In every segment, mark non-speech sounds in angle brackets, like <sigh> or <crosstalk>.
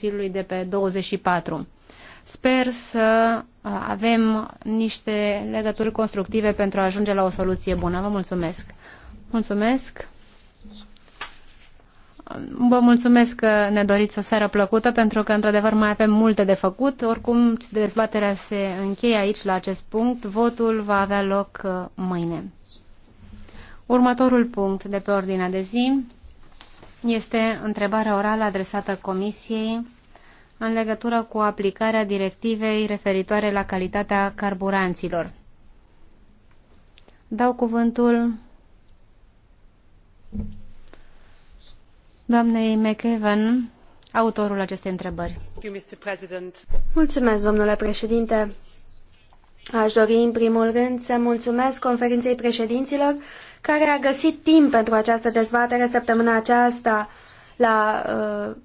Consiliului de pe 24. Sper să uh, avem niște legături constructive pentru a ajunge la o soluție bună. Vă mulțumesc! Mulțumesc! Vă mulțumesc că ne doriți o seară plăcută, pentru că, într-adevăr, mai avem multe de făcut. Oricum, dezbaterea se încheie aici, la acest punct. Votul va avea loc uh, mâine. Următorul punct de pe ordinea de zi este întrebarea orală adresată Comisiei în legătură cu aplicarea directivei referitoare la calitatea carburanților. Dau cuvântul doamnei McEvan, autorul acestei întrebări. Mulțumesc, domnule președinte. Aș dori în primul rând să mulțumesc conferinței președinților care a găsit timp pentru această dezbatere săptămâna aceasta la uh,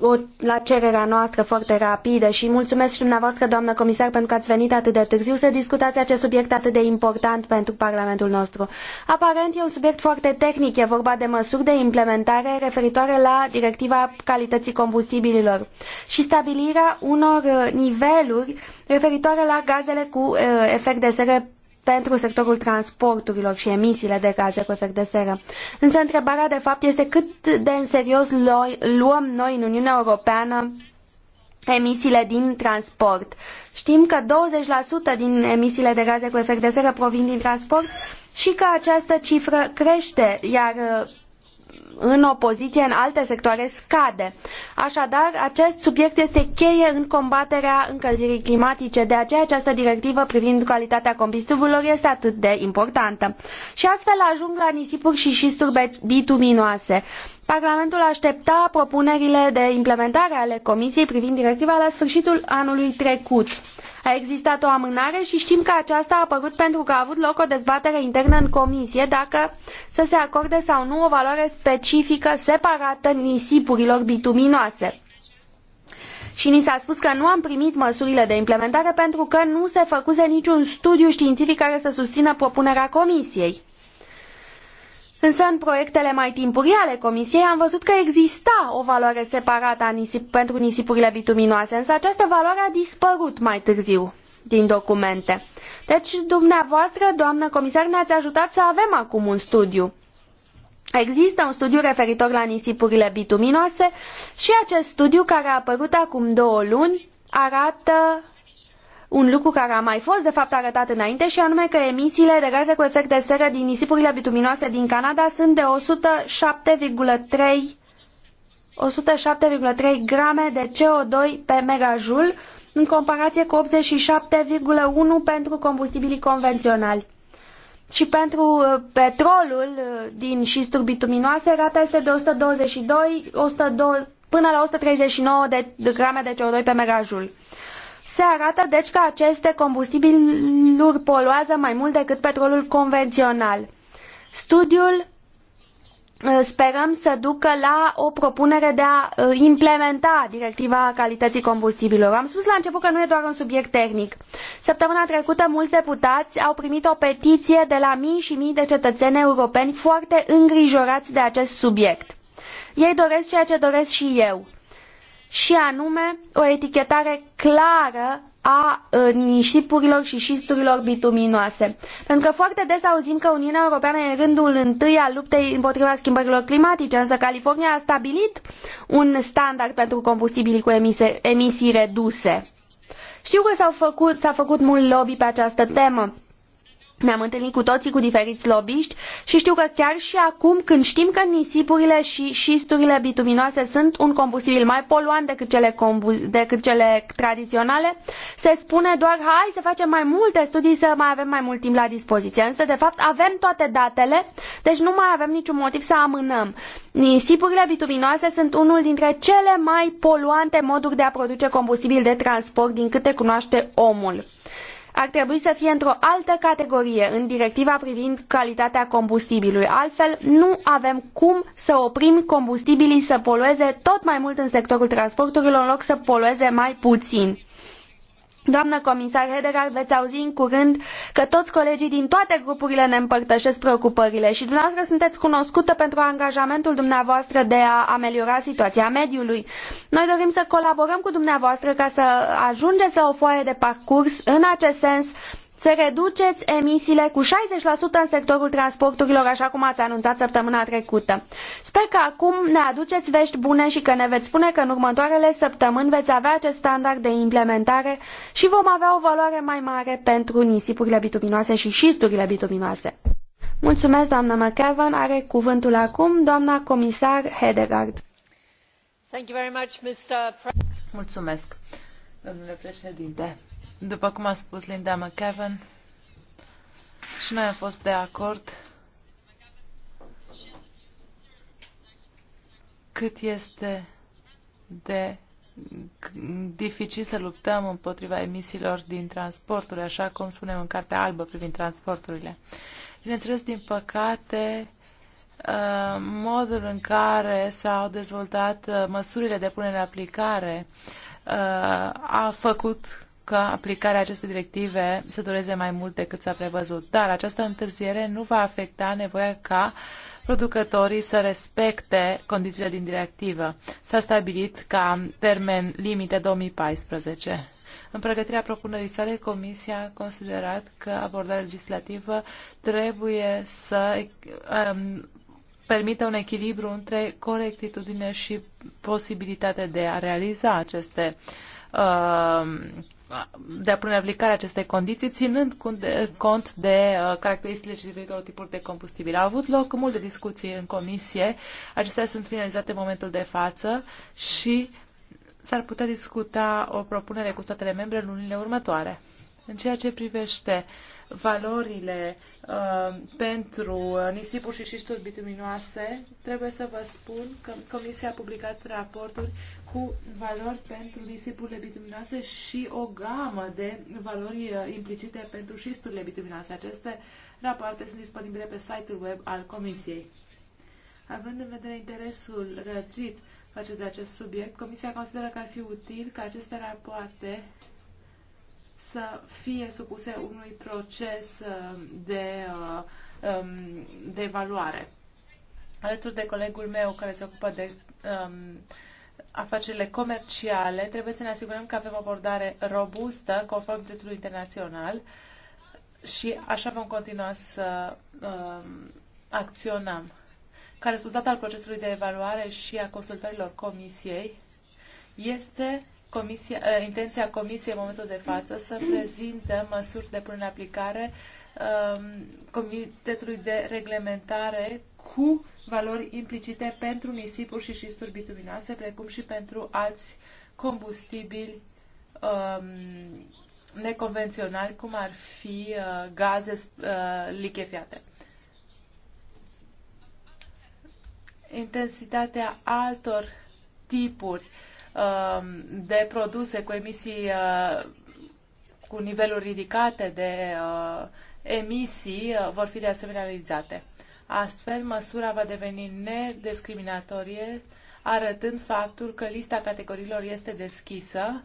o, la cererea noastră foarte rapidă și mulțumesc și dumneavoastră, doamnă comisar, pentru că ați venit atât de târziu să discutați acest subiect atât de important pentru Parlamentul nostru. Aparent e un subiect foarte tehnic, e vorba de măsuri de implementare referitoare la directiva calității combustibililor și stabilirea unor niveluri referitoare la gazele cu efect de seră pentru sectorul transporturilor și emisiile de gaze cu efect de seră. Însă întrebarea de fapt este cât de în serios luăm noi în Uniunea Europeană emisiile din transport. Știm că 20% din emisiile de gaze cu efect de seră provin din transport și că această cifră crește, iar în opoziție în alte sectoare scade. Așadar, acest subiect este cheie în combaterea încălzirii climatice, de aceea această directivă privind calitatea combustibililor este atât de importantă. Și astfel ajung la nisipuri și șisturi bituminoase. Parlamentul aștepta propunerile de implementare ale Comisiei privind directiva la sfârșitul anului trecut. A existat o amânare și știm că aceasta a apărut pentru că a avut loc o dezbatere internă în comisie dacă să se acorde sau nu o valoare specifică separată nisipurilor bituminoase și ni s-a spus că nu am primit măsurile de implementare pentru că nu se făcuse niciun studiu științific care să susțină propunerea comisiei. Însă în proiectele mai timpurii ale Comisiei am văzut că exista o valoare separată nisip, pentru nisipurile bituminoase, însă această valoare a dispărut mai târziu din documente. Deci, dumneavoastră, doamnă comisar, ne-ați ajutat să avem acum un studiu. Există un studiu referitor la nisipurile bituminoase și acest studiu, care a apărut acum două luni, arată un lucru care a mai fost de fapt arătat înainte și anume că emisiile de gaze cu efect de seră din nisipurile bituminoase din Canada sunt de 107,3 107,3 grame de CO2 pe megajul în comparație cu 87,1 pentru combustibilii convenționali. Și pentru uh, petrolul uh, din șisturi bituminoase, rata este de 122 120, până la 139 de grame de CO2 pe megajul. Se arată deci că aceste combustibiluri poluează mai mult decât petrolul convențional. Studiul uh, sperăm să ducă la o propunere de a uh, implementa directiva calității combustibilor. Am spus la început că nu e doar un subiect tehnic. Săptămâna trecută mulți deputați au primit o petiție de la mii și mii de cetățeni europeni foarte îngrijorați de acest subiect. Ei doresc ceea ce doresc și eu și anume o etichetare clară a nisipurilor și șisturilor bituminoase. Pentru că foarte des auzim că Uniunea Europeană e rândul întâi al luptei împotriva schimbărilor climatice, însă California a stabilit un standard pentru combustibilii cu emise, emisii reduse. Știu că s-a făcut, făcut mult lobby pe această temă, ne-am întâlnit cu toții cu diferiți lobiști și știu că chiar și acum când știm că nisipurile și șisturile bituminoase sunt un combustibil mai poluant decât cele, decât cele tradiționale, se spune doar hai să facem mai multe studii să mai avem mai mult timp la dispoziție. Însă, de fapt, avem toate datele, deci nu mai avem niciun motiv să amânăm. Nisipurile bituminoase sunt unul dintre cele mai poluante moduri de a produce combustibil de transport din câte cunoaște omul ar trebui să fie într-o altă categorie în directiva privind calitatea combustibilului. Altfel, nu avem cum să oprim combustibilii să polueze tot mai mult în sectorul transporturilor în loc să polueze mai puțin. Doamnă comisar Hedegaard, veți auzi în curând că toți colegii din toate grupurile ne împărtășesc preocupările și dumneavoastră sunteți cunoscută pentru angajamentul dumneavoastră de a ameliora situația mediului. Noi dorim să colaborăm cu dumneavoastră ca să ajungeți la o foaie de parcurs în acest sens să reduceți emisiile cu 60% în sectorul transporturilor, așa cum ați anunțat săptămâna trecută. Sper că acum ne aduceți vești bune și că ne veți spune că în următoarele săptămâni veți avea acest standard de implementare și vom avea o valoare mai mare pentru nisipurile bituminoase și șisturile bituminoase. Mulțumesc, doamna McEvan. Are cuvântul acum doamna comisar Hedegaard. Mulțumesc, domnule președinte. După cum a spus Linda McKevin, și noi am fost de acord cât este de dificil să luptăm împotriva emisiilor din transporturi, așa cum spunem în Cartea Albă privind transporturile. Bineînțeles, din păcate, uh, modul în care s-au dezvoltat uh, măsurile de punere în aplicare uh, a făcut ca aplicarea acestei directive să dureze mai mult decât s-a prevăzut. Dar această întârziere nu va afecta nevoia ca producătorii să respecte condițiile din directivă. S-a stabilit ca termen limite 2014. În pregătirea propunerii sale, Comisia a considerat că abordarea legislativă trebuie să um, permită un echilibru între corectitudine și posibilitatea de a realiza aceste uh, de a pune în aplicare aceste condiții, ținând cont de, cont de uh, caracteristicile și diferitele tipuri de combustibil. Au avut loc multe discuții în comisie, acestea sunt finalizate în momentul de față și s-ar putea discuta o propunere cu statele membre în lunile următoare. În ceea ce privește valorile uh, pentru nisipuri și șișturi bituminoase, trebuie să vă spun că Comisia a publicat raporturi cu valori pentru disipurile bituminoase și o gamă de valori uh, implicite pentru șisturile bituminoase. Aceste rapoarte sunt disponibile pe site-ul web al Comisiei. Având în vedere interesul răcit față de acest subiect, Comisia consideră că ar fi util ca aceste rapoarte să fie supuse unui proces uh, de, uh, um, de evaluare. Alături de colegul meu care se ocupă de um, afacerile comerciale, trebuie să ne asigurăm că avem o abordare robustă conform dreptului internațional și așa vom continua să uh, acționăm. Ca rezultat al procesului de evaluare și a consultărilor comisiei, este comisia, uh, intenția comisiei în momentul de față să prezinte măsuri de până în aplicare uh, Comitetului de Reglementare cu valori implicite pentru nisipuri și șisturi bituminoase, precum și pentru alți combustibili um, neconvenționali, cum ar fi uh, gaze uh, lichefiate. Intensitatea altor tipuri uh, de produse cu emisii uh, cu niveluri ridicate de uh, emisii uh, vor fi de asemenea realizate. Astfel, măsura va deveni nediscriminatorie, arătând faptul că lista categoriilor este deschisă,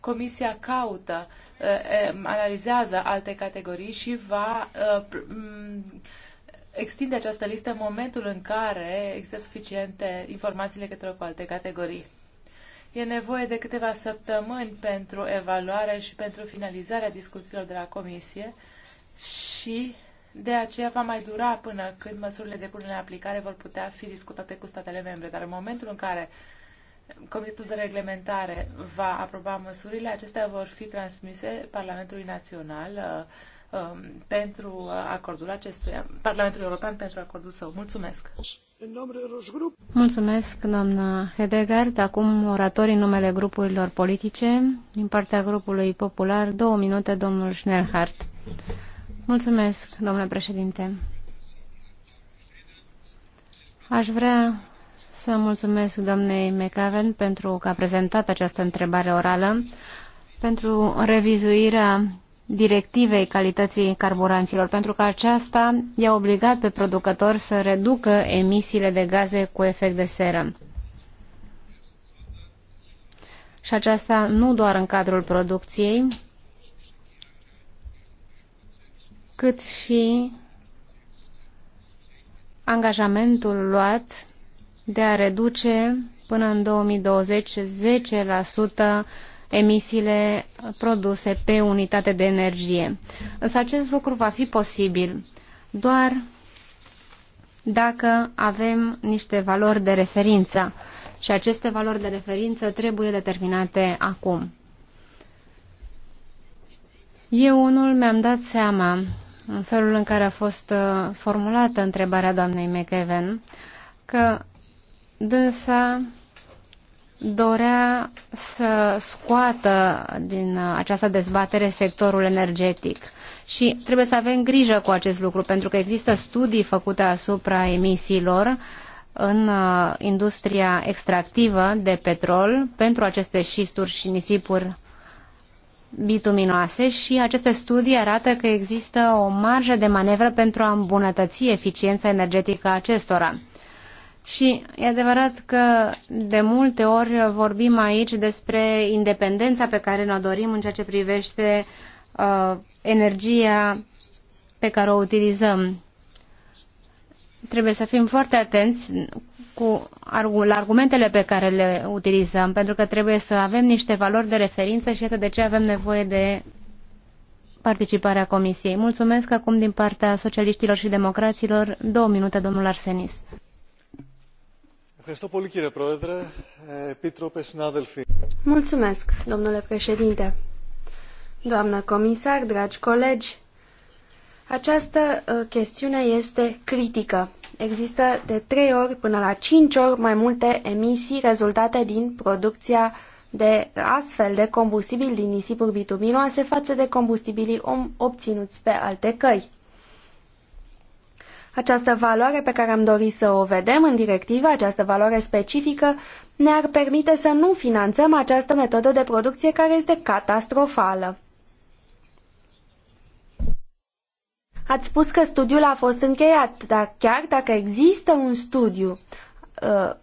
Comisia caută, eh, eh, analizează alte categorii și va eh, mm, extinde această listă în momentul în care există suficiente informații către cu alte categorii. E nevoie de câteva săptămâni pentru evaluare și pentru finalizarea discuțiilor de la Comisie și de aceea va mai dura până când măsurile de punere în aplicare vor putea fi discutate cu statele membre, dar în momentul în care Comitetul de Reglementare va aproba măsurile, acestea vor fi transmise Parlamentului Național uh, um, pentru uh, acordul acestuia, Parlamentul European pentru acordul său. Mulțumesc! Mulțumesc, doamna Hedegaard. Acum oratorii în numele grupurilor politice. Din partea grupului popular, două minute, domnul Schnellhardt. Mulțumesc, președinte. Aș vrea să mulțumesc doamnei McAven pentru că a prezentat această întrebare orală pentru revizuirea directivei calității carburanților, pentru că aceasta i-a obligat pe producători să reducă emisiile de gaze cu efect de seră. Și aceasta nu doar în cadrul producției, cât și angajamentul luat de a reduce până în 2020 10% emisiile produse pe unitate de energie. Însă acest lucru va fi posibil doar dacă avem niște valori de referință și aceste valori de referință trebuie determinate acum. Eu unul mi-am dat seama în felul în care a fost uh, formulată întrebarea doamnei McEwen, că dânsa dorea să scoată din uh, această dezbatere sectorul energetic. Și trebuie să avem grijă cu acest lucru, pentru că există studii făcute asupra emisiilor în uh, industria extractivă de petrol pentru aceste șisturi și nisipuri bituminoase și aceste studii arată că există o marjă de manevră pentru a îmbunătăți eficiența energetică a acestora. Și e adevărat că de multe ori vorbim aici despre independența pe care ne-o dorim în ceea ce privește uh, energia pe care o utilizăm. Trebuie să fim foarte atenți cu argumentele pe care le utilizăm, pentru că trebuie să avem niște valori de referință și iată de ce avem nevoie de participarea Comisiei. Mulțumesc acum din partea socialiștilor și democraților. Două minute, domnul Arsenis. Mulțumesc, domnule președinte. Doamnă comisar, dragi colegi, această uh, chestiune este critică există de 3 ori până la 5 ori mai multe emisii rezultate din producția de astfel de combustibili din nisipuri bituminoase față de combustibilii obținuți pe alte căi. Această valoare pe care am dorit să o vedem în directivă, această valoare specifică, ne-ar permite să nu finanțăm această metodă de producție care este catastrofală. Ați spus că studiul a fost încheiat, dar chiar dacă există un studiu, uh,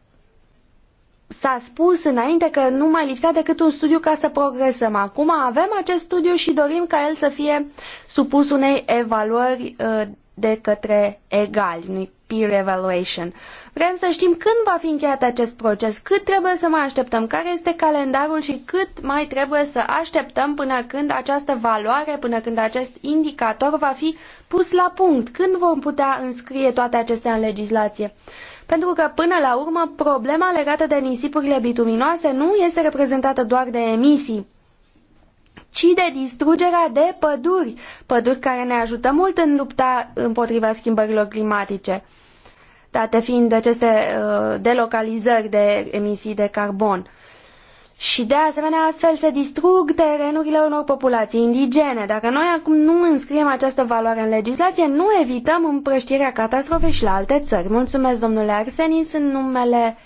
s-a spus înainte că nu mai lipsea decât un studiu ca să progresăm. Acum avem acest studiu și dorim ca el să fie supus unei evaluări uh, de către egali, unui peer evaluation. Vrem să știm când va fi încheiat acest proces, cât trebuie să mai așteptăm, care este calendarul și cât mai trebuie să așteptăm până când această valoare, până când acest indicator va fi pus la punct, când vom putea înscrie toate acestea în legislație. Pentru că, până la urmă, problema legată de nisipurile bituminoase nu este reprezentată doar de emisii, ci de distrugerea de păduri, păduri care ne ajută mult în lupta împotriva schimbărilor climatice, date fiind aceste uh, delocalizări de emisii de carbon. Și de asemenea, astfel se distrug terenurile unor populații indigene. Dacă noi acum nu înscriem această valoare în legislație, nu evităm împrăștirea catastrofei și la alte țări. Mulțumesc, domnule Arsenis, în numele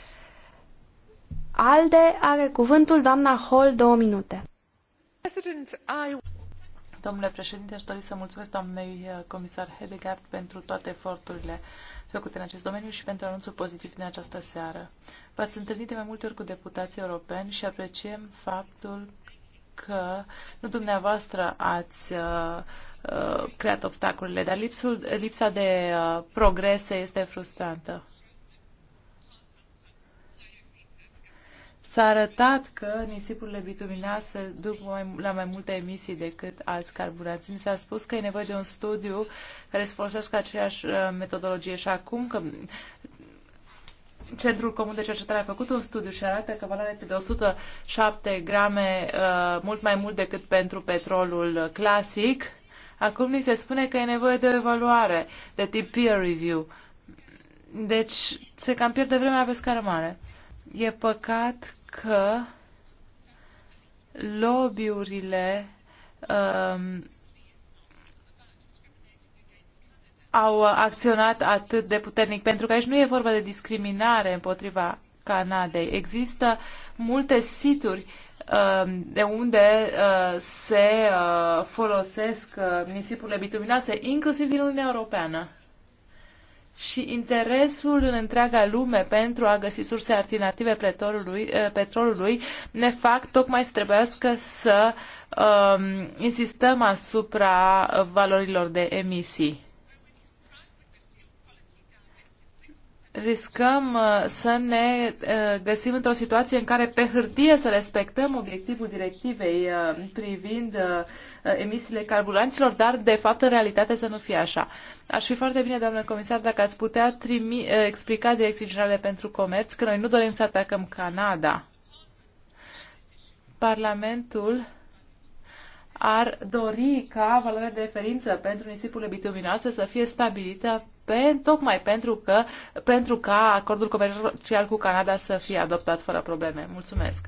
ALDE are cuvântul doamna Hall două minute. Domnule președinte, aș dori să mulțumesc doamnei eh, comisar Hedegaard pentru toate eforturile făcute în acest domeniu și pentru anunțul pozitiv din această seară. V-ați întâlnit de mai multe ori cu deputații europeni și apreciem faptul că nu dumneavoastră ați uh, creat obstacolele, dar lipsul, lipsa de uh, progrese este frustrantă. S-a arătat că nisipurile bituminoase duc mai, la mai multe emisii decât alți carburanți. Mi s-a spus că e nevoie de un studiu care să folosească aceeași uh, metodologie și acum că Centrul Comun de Cercetare a făcut un studiu și arată că valoarea este de 107 grame, uh, mult mai mult decât pentru petrolul clasic. Acum ni se spune că e nevoie de o evaluare de tip peer review. Deci se cam pierde vremea pe scară mare. E păcat că lobbyurile um, au acționat atât de puternic, pentru că aici nu e vorba de discriminare împotriva Canadei. Există multe situri um, de unde uh, se uh, folosesc uh, nisipurile bituminoase, inclusiv din Uniunea Europeană și interesul în întreaga lume pentru a găsi surse alternative petrolului, eh, petrolului ne fac tocmai să trebuiască să um, insistăm asupra valorilor de emisii. riscăm eh, să ne eh, găsim într-o situație în care pe hârtie să respectăm obiectivul directivei privind Uh, emisiile carburanților, dar de fapt în realitate să nu fie așa. Ar fi foarte bine, doamnă comisar, dacă ați putea trimi, uh, explica direcții generale pentru comerț că noi nu dorim să atacăm Canada. Parlamentul ar dori ca valoarea de referință pentru nisipurile bituminoase să fie stabilită pe, tocmai pentru, că, pentru ca acordul comercial cu Canada să fie adoptat fără probleme. Mulțumesc!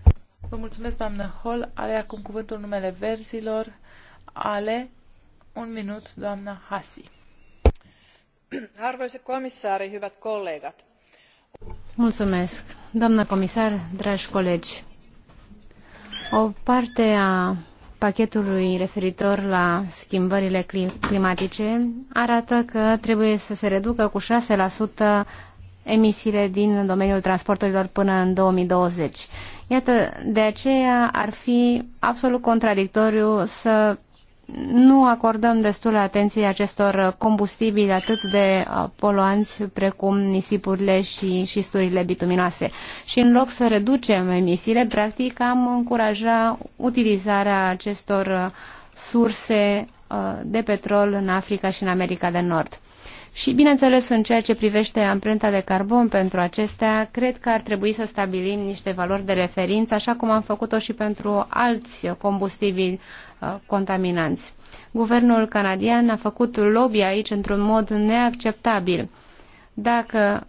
Vă mulțumesc, doamnă Hall. Are acum cuvântul numele verzilor ale un minut, doamna Hasi. Arvoisa komissaari, hyvät kollegat. Mulțumesc. Doamna comisar, dragi colegi, o parte a pachetului referitor la schimbările climatice arată că trebuie să se reducă cu 6% emisiile din domeniul transporturilor până în 2020. Iată, de aceea ar fi absolut contradictoriu să nu acordăm destulă atenție acestor combustibili atât de uh, poluanți precum nisipurile și șisturile bituminoase. Și în loc să reducem emisiile, practic am încuraja utilizarea acestor uh, surse uh, de petrol în Africa și în America de Nord. Și, bineînțeles, în ceea ce privește amprenta de carbon pentru acestea, cred că ar trebui să stabilim niște valori de referință, așa cum am făcut-o și pentru alți combustibili Uh, contaminanți. Guvernul canadian a făcut lobby aici într-un mod neacceptabil. Dacă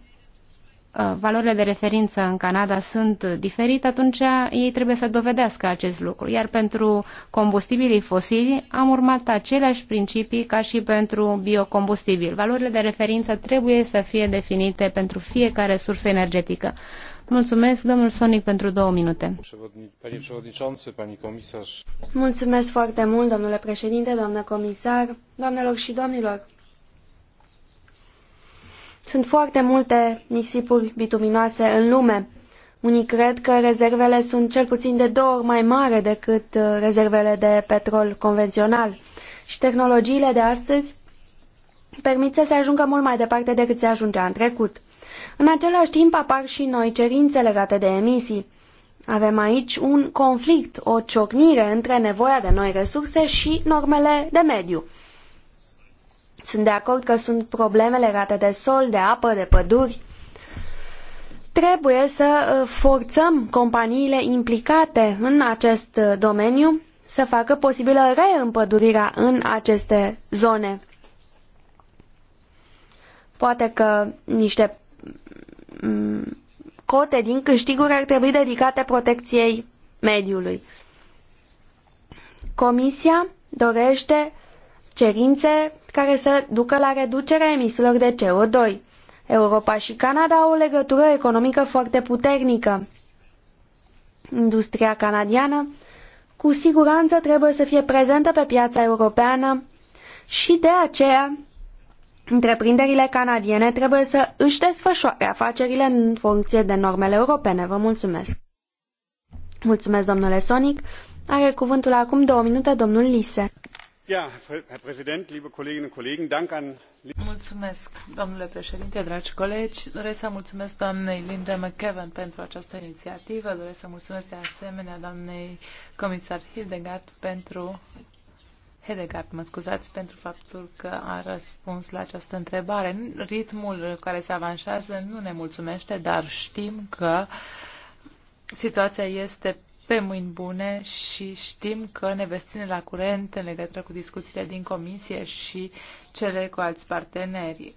uh, valorile de referință în Canada sunt diferite, atunci ei trebuie să dovedească acest lucru. Iar pentru combustibilii fosili am urmat aceleași principii ca și pentru biocombustibil. Valorile de referință trebuie să fie definite pentru fiecare sursă energetică. Mulțumesc, domnul Sonic, pentru două minute. Mulțumesc foarte mult, domnule președinte, doamnă comisar, doamnelor și domnilor. Sunt foarte multe nisipuri bituminoase în lume. Unii cred că rezervele sunt cel puțin de două ori mai mari decât uh, rezervele de petrol convențional. Și tehnologiile de astăzi permit să se ajungă mult mai departe decât se ajungea în trecut. În același timp apar și noi cerințe legate de emisii. Avem aici un conflict, o ciocnire între nevoia de noi resurse și normele de mediu. Sunt de acord că sunt probleme legate de sol, de apă, de păduri. Trebuie să uh, forțăm companiile implicate în acest uh, domeniu să facă posibilă reîmpădurirea în aceste zone. Poate că niște cote din câștiguri ar trebui dedicate protecției mediului. Comisia dorește cerințe care să ducă la reducerea emisiilor de CO2. Europa și Canada au o legătură economică foarte puternică. Industria canadiană cu siguranță trebuie să fie prezentă pe piața europeană și de aceea Întreprinderile canadiene trebuie să își desfășoare afacerile în funcție de normele europene. Vă mulțumesc! Mulțumesc, domnule Sonic. Are cuvântul acum două minute domnul Lise. Mulțumesc, domnule președinte, dragi colegi. Doresc să mulțumesc doamnei Linda McKevin pentru această inițiativă. Doresc să mulțumesc de asemenea doamnei comisar Hildegard pentru Hedegaard, mă scuzați pentru faptul că a răspuns la această întrebare. Ritmul care se avansează nu ne mulțumește, dar știm că situația este pe mâini bune și știm că ne veți ține la curent în legătură cu discuțiile din comisie și cele cu alți parteneri.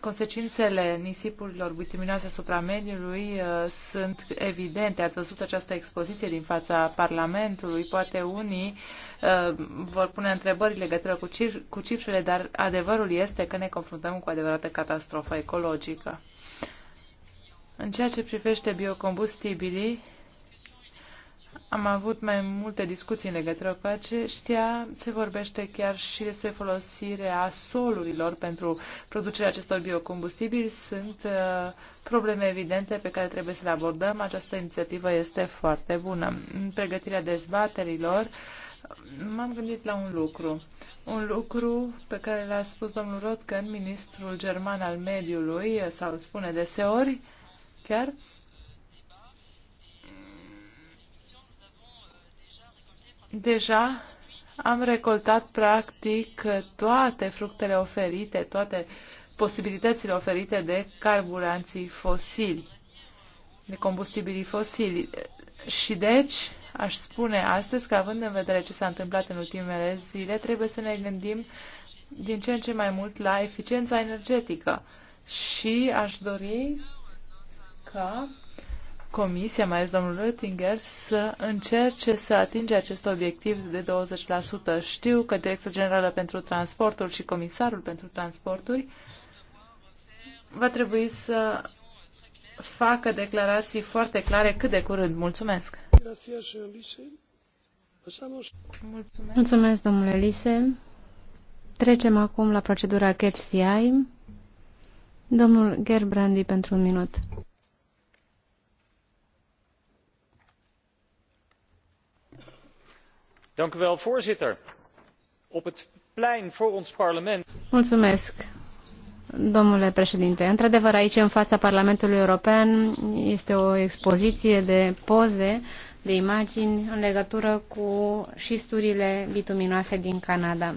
Consecințele nisipurilor bituminase asupra mediului uh, sunt evidente. Ați văzut această expoziție din fața Parlamentului. Poate unii uh, vor pune întrebări legătură cu, cif- cu cifrele, dar adevărul este că ne confruntăm cu adevărată catastrofă ecologică. În ceea ce privește biocombustibilii, am avut mai multe discuții în legătură cu aceștia. Se vorbește chiar și despre folosirea solurilor pentru producerea acestor biocombustibili. Sunt uh, probleme evidente pe care trebuie să le abordăm. Această inițiativă este foarte bună. În pregătirea dezbaterilor m-am gândit la un lucru. Un lucru pe care l-a spus domnul Rotgen, ministrul german al mediului, sau spune deseori chiar, Deja am recoltat practic toate fructele oferite, toate posibilitățile oferite de carburanții fosili, de combustibilii fosili. Și deci, aș spune astăzi că având în vedere ce s-a întâmplat în ultimele zile, trebuie să ne gândim din ce în ce mai mult la eficiența energetică. Și aș dori ca Comisia, mai ales domnul Oettinger, să încerce să atinge acest obiectiv de 20%. Știu că Direcția Generală pentru Transporturi și Comisarul pentru Transporturi va trebui să facă declarații foarte clare cât de curând. Mulțumesc! Mulțumesc, domnule Lise. Trecem acum la procedura catch Domnul Gerbrandi pentru un minut. voorzitter op het plein voor ons parlement. domnule președinte într adevăr aici în fața parlamentului european este o expoziție de poze de imagini în legătură cu șisturile bituminoase din canada.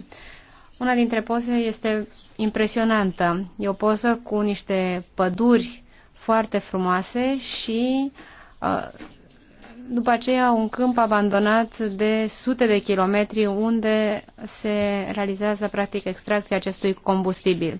una dintre poze este impresionantă e o poză cu niște păduri foarte frumoase și uh, după aceea un câmp abandonat de sute de kilometri unde se realizează practic extracția acestui combustibil.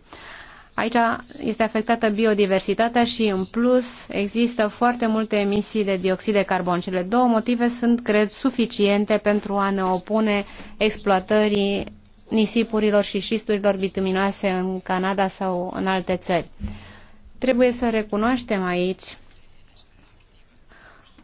Aici este afectată biodiversitatea și, în plus, există foarte multe emisii de dioxid de carbon. Cele două motive sunt, cred, suficiente pentru a ne opune exploatării nisipurilor și șisturilor bituminoase în Canada sau în alte țări. Trebuie să recunoaștem aici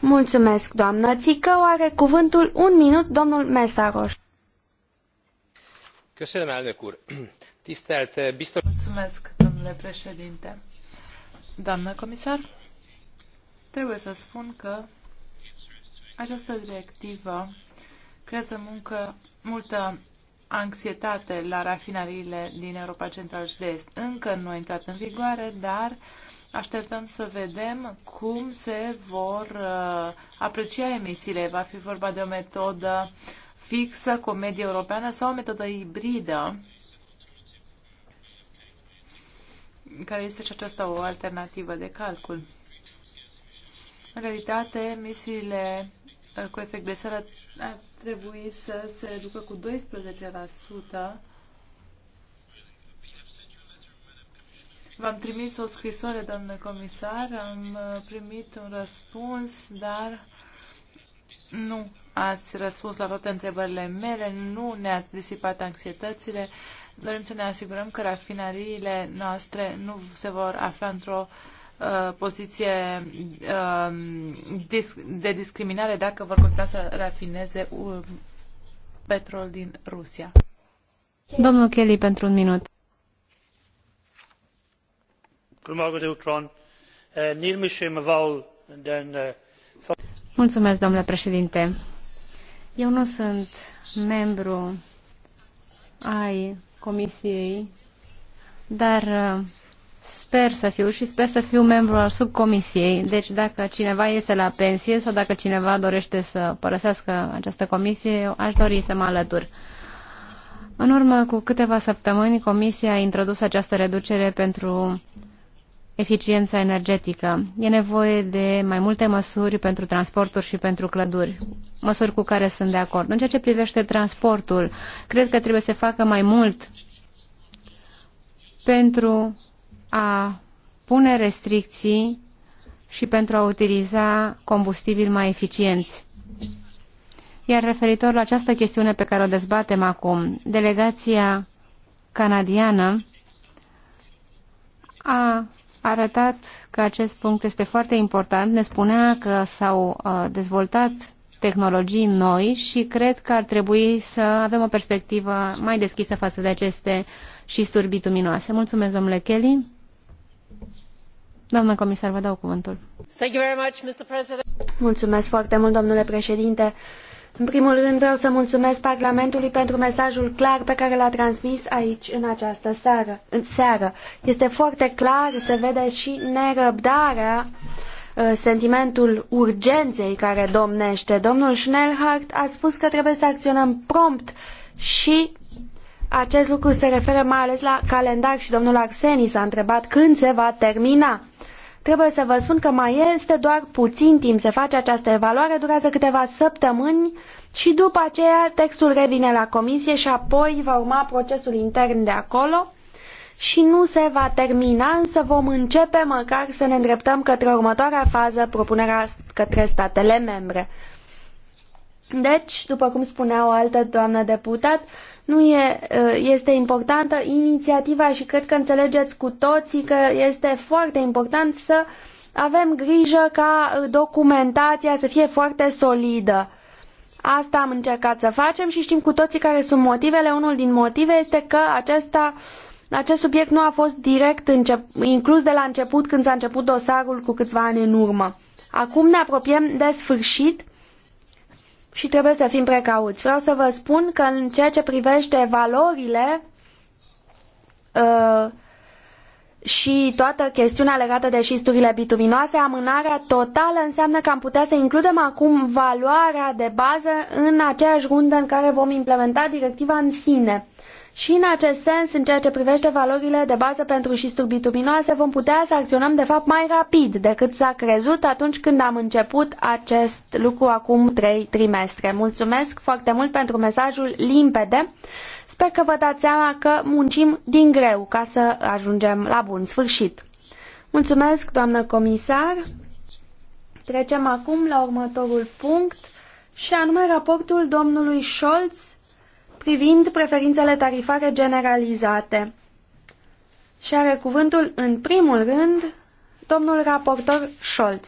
Mulțumesc, doamnă Țică. Are cuvântul un minut domnul Mesaros. Köszönöm, elnök úr. <clears throat> Tisztelt eh, biztos... Mulțumesc, domnule președinte. Doamnă comisar, trebuie să spun că această directivă creează muncă, multă anxietate la rafinariile din Europa Centrală și de Est. Încă nu a intrat în vigoare, dar uh, Așteptăm să vedem cum se vor uh, aprecia emisiile. Va fi vorba de o metodă fixă cu medie europeană sau o metodă hibridă, care este și aceasta o alternativă de calcul. În realitate, emisiile uh, cu efect de seră ar trebui să se reducă cu 12% V-am trimis o scrisoare, domnule comisar, am uh, primit un răspuns, dar nu ați răspuns la toate întrebările mele, nu ne-ați disipat anxietățile. Dorim să ne asigurăm că rafinariile noastre nu se vor afla într-o uh, poziție um, de discriminare dacă vor continua să rafineze uh, petrol din Rusia. Domnul Kelly, pentru un minut. Eh, eh, Mulțumesc, domnule președinte. Eu nu sunt membru al comisiei, dar eh, sper să fiu și sper să fiu membru al subcomisiei. Deci dacă cineva iese la pensie sau dacă cineva dorește să părăsească această comisie, eu aș dori să mă alătur. în urmă cu câteva săptămâni, Comisia a introdus această reducere pentru eficiența energetică. E nevoie de mai multe măsuri pentru transporturi și pentru clăduri, măsuri cu care sunt de acord. În ceea ce privește transportul, cred că trebuie să facă mai mult pentru a pune restricții și pentru a utiliza combustibili mai eficienți. Iar referitor la această chestiune pe care o dezbatem acum, delegația canadiană a arătat că acest punct este foarte important. Ne spunea că s-au uh, dezvoltat tehnologii noi și cred că ar trebui să avem o perspectivă mai deschisă față de aceste șisturi bituminoase. Mulțumesc, domnule Kelly. Doamna comisar, vă dau cuvântul. Mulțumesc foarte mult, domnule președinte. În primul rând vreau să mulțumesc Parlamentului pentru mesajul clar pe care l-a transmis aici în această seară. În seară. Este foarte clar, se vede și nerăbdarea uh, sentimentul urgenței care domnește. Domnul Schnellhardt a spus că trebuie să acționăm prompt și acest lucru se referă mai ales la calendar și domnul Arsenis a întrebat când se va termina. Trebuie să vă spun că mai este doar puțin timp să face această evaluare, durează câteva săptămâni și după aceea textul revine la comisie și apoi va urma procesul intern de acolo și nu se va termina, însă vom începe măcar să ne îndreptăm către următoarea fază, propunerea către statele membre. Deci, după cum spunea o altă doamnă deputat, nu e, este importantă inițiativa și cred că înțelegeți cu toții că este foarte important să avem grijă ca documentația să fie foarte solidă. Asta am încercat să facem și știm cu toții care sunt motivele. Unul din motive este că acesta, acest subiect nu a fost direct încep, inclus de la început când s-a început dosarul cu câțiva ani în urmă. Acum ne apropiem de sfârșit și trebuie să fim precauți. Vreau să vă spun că în ceea ce privește valorile uh, și toată chestiunea legată de șisturile bituminoase, amânarea totală înseamnă că am putea să includem acum valoarea de bază în aceeași rundă în care vom implementa directiva în sine. Și în acest sens, în ceea ce privește valorile de bază pentru șisturi bituminoase, vom putea să acționăm de fapt mai rapid decât s-a crezut atunci când am început acest lucru acum trei trimestre. Mulțumesc foarte mult pentru mesajul limpede. Sper că vă dați seama că muncim din greu ca să ajungem la bun sfârșit. Mulțumesc, doamnă comisar. Trecem acum la următorul punct și anume raportul domnului Scholz privind preferințele tarifare generalizate. Și are cuvântul în primul rând domnul raportor Scholz.